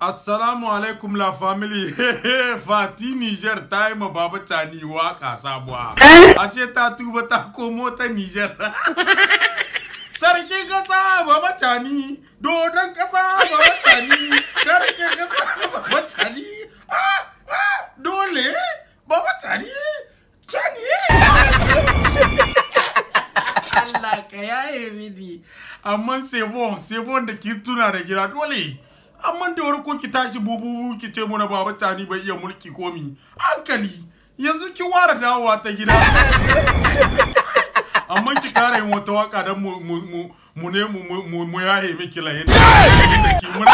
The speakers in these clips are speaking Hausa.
Assalamu alaikum la family Fati Niger ta yi ma baba tani waka sabuwa. Ashe ta tuba ta komo ta Niger. Sarkin kasa baba tani, dodon kasa baba tani, sarki kasa baba tani. Ah, ah, dole baba tani, tani. Allah ka yaye mini. Amma sebon, sebon da ki tuna da gida dole. amma da wani ko ki tashi bububu ki ce muna baba tani bai iya mulki komi hankali yanzu ki ware dawowa ta gida amma ki kara yin wata waka don mu mu ne mu mu da ki mura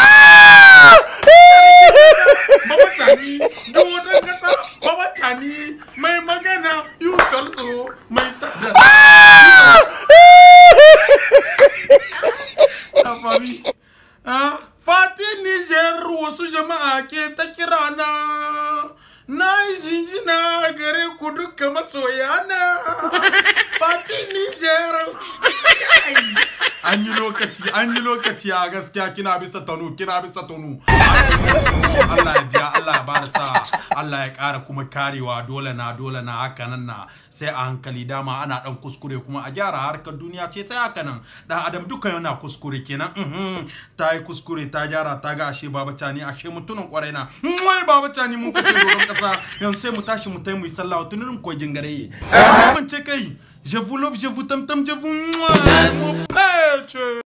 baba tani da wata kasa baba tani mai Fati Niger wasu jama'a ke ta kira na na yi jinjina gare ku duka masoya na Fati Niger an yi lokaci an yi lokaci a gaskiya kina bisa tonu kina bisa tonu Allah ya ƙara kuma karewa dole na dole na haka nan na sai a hankali dama ana dan kuskure kuma a gyara harkar duniya ce ta haka nan dan adam duka yana kuskure kenan uhm, ta yi kuskure ta gyara ta ga ashe baba cani ashe mutunan kwarai na mai uhm, baba cani mun kace doron ƙasa yanzu sai mu tashi mu tai mu yi sallah tunurin ko jingare mun ce kai je vous love je vous tam tam je vous